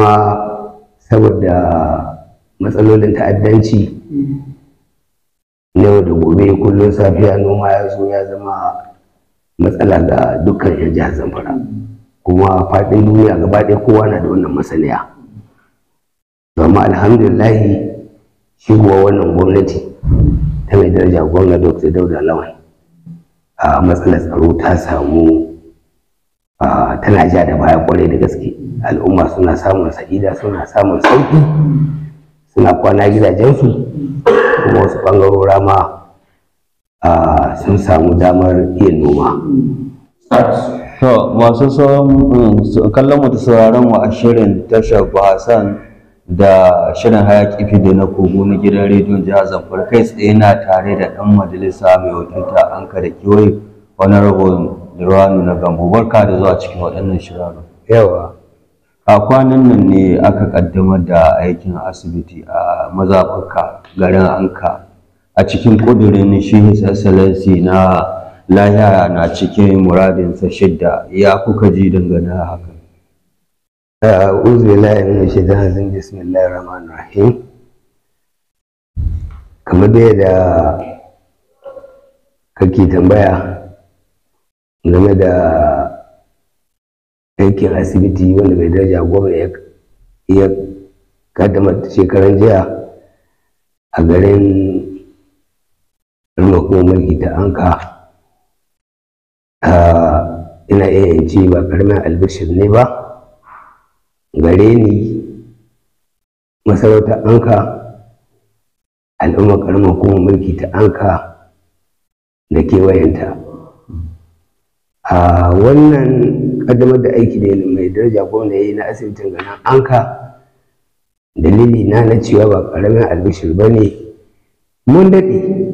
kuma saboda matsalolin ta'addanci yau da gobe kullum safiya noma ya zo ya zama matsala ga dukkan yan jihar zamfara kuma faɗin duniya gaba ɗaya kowa na da wannan masaniya amma alhamdulillahi shigowa wannan gwamnati ta mai daraja gwamna dr dauda lawan a matsalar tsaro ta samu tana ja da baya kwarai da gaske al'umma suna samun sa'ida suna samun sauki suna kwana gidajensu kuma wasu ɓangarora ma sun samu damar iya noma to masu mm, kallon mu da sauraron mu a shirin tashar bahasan da shirin hayaki da na kogo na gidan rediyon jihar zamfara kai tsaye na tare da ɗan majalisa mai wakilta an da wani rahoton Durwanu na Gambo barka da zuwa cikin waɗannan shirarun. Yawa. A kwanan nan ne aka ƙaddamar da aikin asibiti a mazaɓarka garin Anka a cikin ƙudurin shi Excellency na lahiya na cikin muradinsa shidda ya kuka ji dangane haka. uzu بالله من shi الرجيم بسم الله الرحمن rahim kamar da kake tambaya game da aikin asibiti wanda mai daraja goma ya kadama shekaran jiya a garin kuma mulki ta anka ah, ina iya ce ba karmin albishir ne ba gare ni masarautar anka al'ummar karamar kuma mulki ta anka da kewayenta a wannan kaddamar da aiki ne mai daraja gwamna ya yi na asibitin ganin anka dalili na na cewa ba karamin albishir ba ne mun daɗe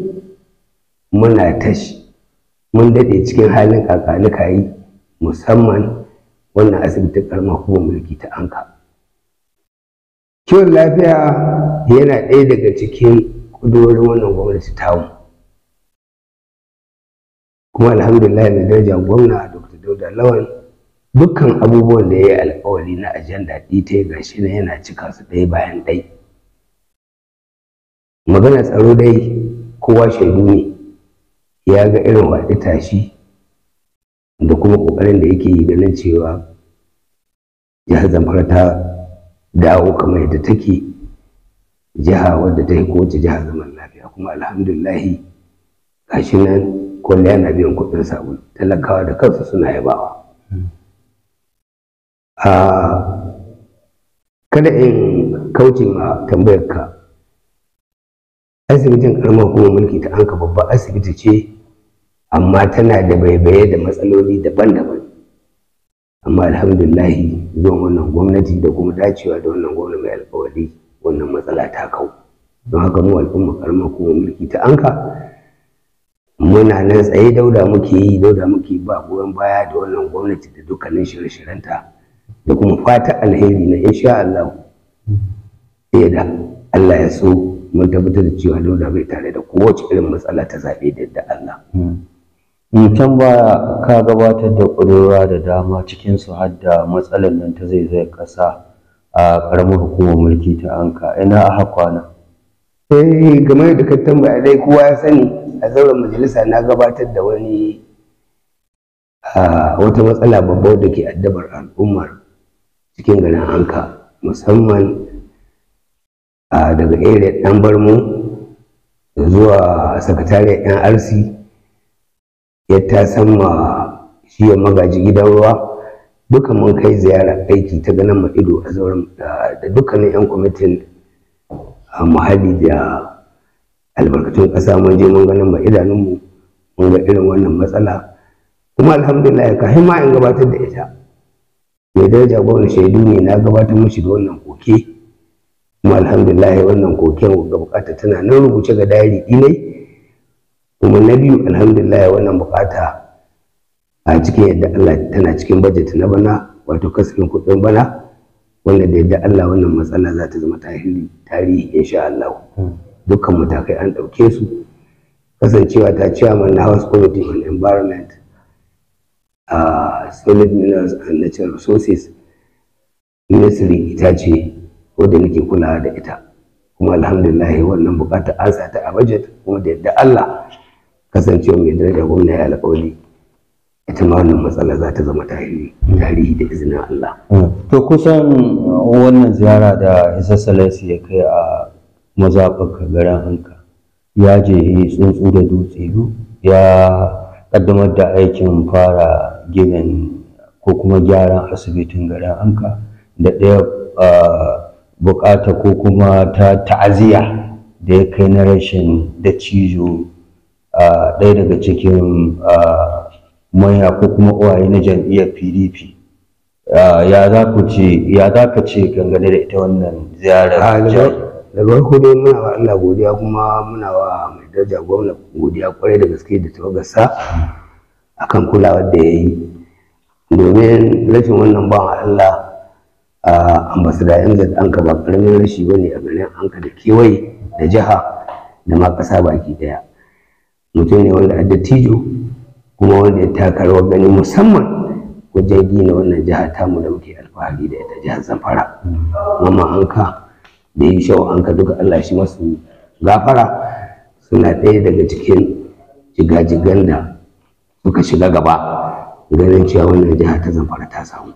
muna tashi mun daɗe cikin halin kakanuka yi musamman wannan asibitin karma kuma mulki ta anka kiwon lafiya yana ɗaya daga cikin kudurorin wannan gwamnati tamu kuma alhamdulillah mai daraja gwamna dr dauda lawan dukkan abubuwan da ya yi alkawari na ajanda ɗita ga shi ne yana cika su ɗaya bayan ɗai magana tsaro dai kowa shaidu ne ya ga irin waɗi tashi da kuma ƙoƙarin da yake yi ganin cewa jihar zamfara ta dawo kamar yadda take jiha wadda ta yi kowace jihar zaman lafiya kuma alhamdulillahi gashi nan kulle yana biyan kuɗin sabulu talakawa da kansu suna yabawa kada in kauce a tambayar ka asibitin karamar kuma mulki ta anka babba asibiti ce amma tana da baibaye da matsaloli daban-daban amma alhamdulahi zuwan wannan gwamnati da kuma dacewa da wannan gwamnati mai alkawari wannan matsala ta kau don haka mu al'umma karamar kuma mulki ta anka muna nan tsaye dauda muke yi dauda muke ba goyon baya da wannan gwamnati da dukkanin shirye-shiryenta da kuma fata alheri na insha Allah da Allah ya so mun tabbatar da cewa dauda bai tare da kowace irin matsala ta zaɓe da yadda Allah. Hmm. Hmm, can baya ka gabatar da kudura da dama cikinsu har da matsalar nan ta zaizayar kasa a ƙaramar hukumar mulki ta anka ina a kwana. eh game da ka tambaya dai kowa ya sani a zauren majalisa na gabatar da wani wata matsala babba da ke addabar al'ummar cikin garin anka musamman daga area ɗan barmu zuwa sakatare sakatariyar arsi, ya ta sama shi ya magaji gidan ruwa duka mun kai ziyarar aiki ta ganin ido a zauren da dukkanin 'yan kwamitin muhalli da albarkatun ƙasa mun je mun ganin ba idanunmu mun ga irin wannan matsala kuma alhamdulillah ka hima in gabatar da ita mai daraja wani shaidu ne na gabatar mashi da wannan koke kuma alhamdulillah wannan koken ga bukata tana nan rubuce ga dayari dinai kuma na biyu alhamdulillah wannan bukata a cikin yadda Allah tana cikin bajet na bana wato kasafin kuɗin bana wanda da yadda Allah wannan matsala za ta zama tarihi insha Allah. Hmm. dukkan matakai an ɗauke su kasancewa ta chairman na house committee on environment solid minerals and natural resources ministry ita ce wadda nake kulawa da ita kuma alhamdulillah wannan bukata an sata a budget kuma da yadda Allah kasancewa mai daraja gwamna ya alƙawari ita ma wannan matsala za ta zama tarihi da izinin Allah. Hmm. To kusan wannan ziyara da Isa Salasi ya kai a mazaɓar garin hanka ya je tsuntsu da dutse ya ƙaddamar da aikin fara ginin ko kuma gyaran asibitin garin hanka da ɗaya buƙata ko kuma ta ta'aziya da ya kai na rashin da cizo ɗaya daga cikin manya ko kuma uwaye na jam'iyyar pdp ya za ku ce ya za ka ce gangane da ita wannan ziyarar da farko dai muna wa Allah godiya kuma muna wa mai daraja gwamna godiya kwarai da gaske da tawagarsa akan kulawa da ya yi domin rashin wannan ba Allah a ambasada yan anka ba karamin rashi ba ne a garin anka da kewaye da jiha da ma kasa baki ɗaya mutum ne wanda dattijo kuma wanda ya taka rawar gani musamman wajen gina wannan jiha tamu da muke alfahari da ita jihar zamfara mamman anka da yi shawo an ka duka Allah shi masu gafara suna ɗaya daga cikin jigajigan da suka shiga gaba ganin cewa wannan jiha ta zamfara ta samu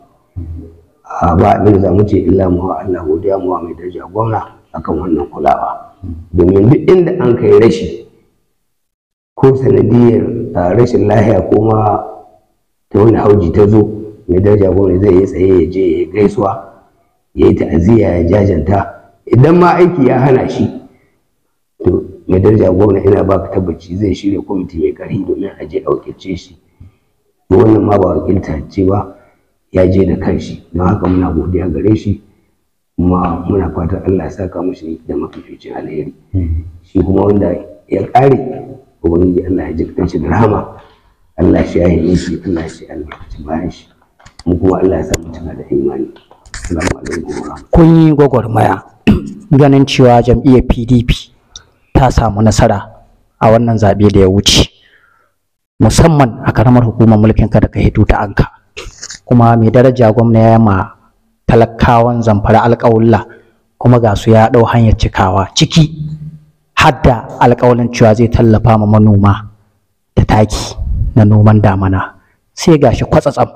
ba abin da mu ce illa mu wa Allah godiya mu wa mai daraja gwamna akan wannan kulawa domin duk inda an kai rashi ko sanadiyar rashin lahiya ko ma ta wani hauji ta zo mai daraja gwamna zai yi tsaye ya je ya gaisuwa ya yi ta'aziyya ya jajanta idan ma aiki ya hana shi to mai daraja gwamna ina baka tabbaci zai shirya kwamiti mai ƙarfi domin a je a wakilce shi wannan ma ba wakilta ce ba ya je da kanshi don haka muna godiya gare shi kuma muna fatan Allah ya saka mushi da mafificin alheri shi kuma wanda ya ƙare ubangiji Allah ya jikin shi da rahama Allah shi ya yi shi Allah shi albarkaci bayan shi mu kuma Allah ya sa mu da imani assalamu alaikum kun yi gwagwarmaya ganin cewa jam'iyyar pdp ta samu nasara a wannan zaɓe da ya wuce musamman a karamar hukumar mulkin ka da ka hito ta anka kuma mai daraja gwamna ya ma talakawan zamfara alƙawulla kuma ga su ya ɗau hanyar cikawa ciki hadda alƙawalin cewa zai tallafa ma manoma da taki na noman damana sai gashi kwatsatsam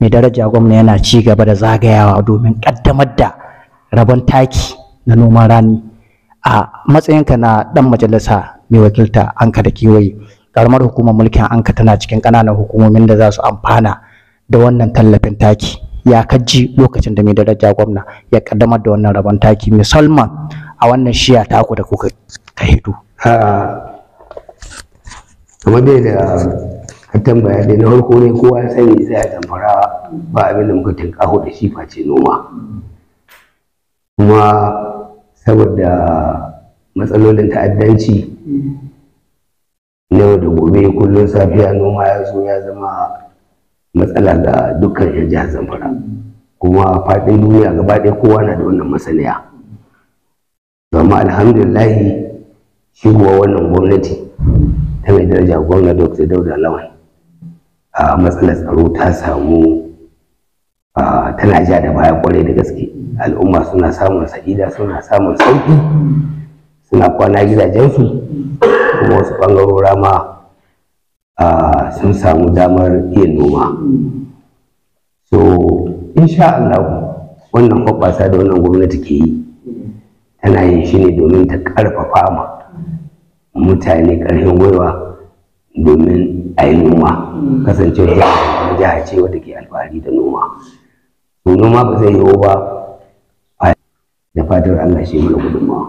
mai daraja gwamna yana ci gaba da zagayawa domin ƙaddamar da rabon taki na noman rani a matsayinka na dan majalisa mai wakilta anka da kewaye karamar hukumar mulkin anka tana cikin ƙananan hukumomin da za su amfana da wannan tallafin taki ya kaji lokacin da mai daraja gwamna ya kaddamar da wannan rabon taki musamman a wannan shiya taku da kuka ka hito kamar dai da hatan bayanai na farko ne kowa ya sani sai a tamfara ba abin da muka tinka da shi face noma kuma saboda matsalolin ta'addanci yau da gobe kullum safiya noma ya zo ya zama matsala ga dukkan yan jihar zamfara kuma faɗin duniya gaba ɗaya kowa na da wannan masaniya zama alhamdulillahi shigowa wannan gwamnati ta mai daraja gwamna dr dauda lawan a matsalar tsaro ta samu tana ja da baya kwarai da gaske al'umma suna samun sa'ida suna samun sauƙi suna kwana gidajensu kuma wasu ɓangarora ma sun samu damar iya noma so insha Allah wannan kwakwasa da wannan gwamnati ke yi tana yin shi ne domin ta ƙarfafa ma mutane ƙarfin gwiwa domin a yi noma kasancewa jiha ce wadda ke alfahari da noma noma ba zai yiwu ba da fatar Allah shi mana gudunmawa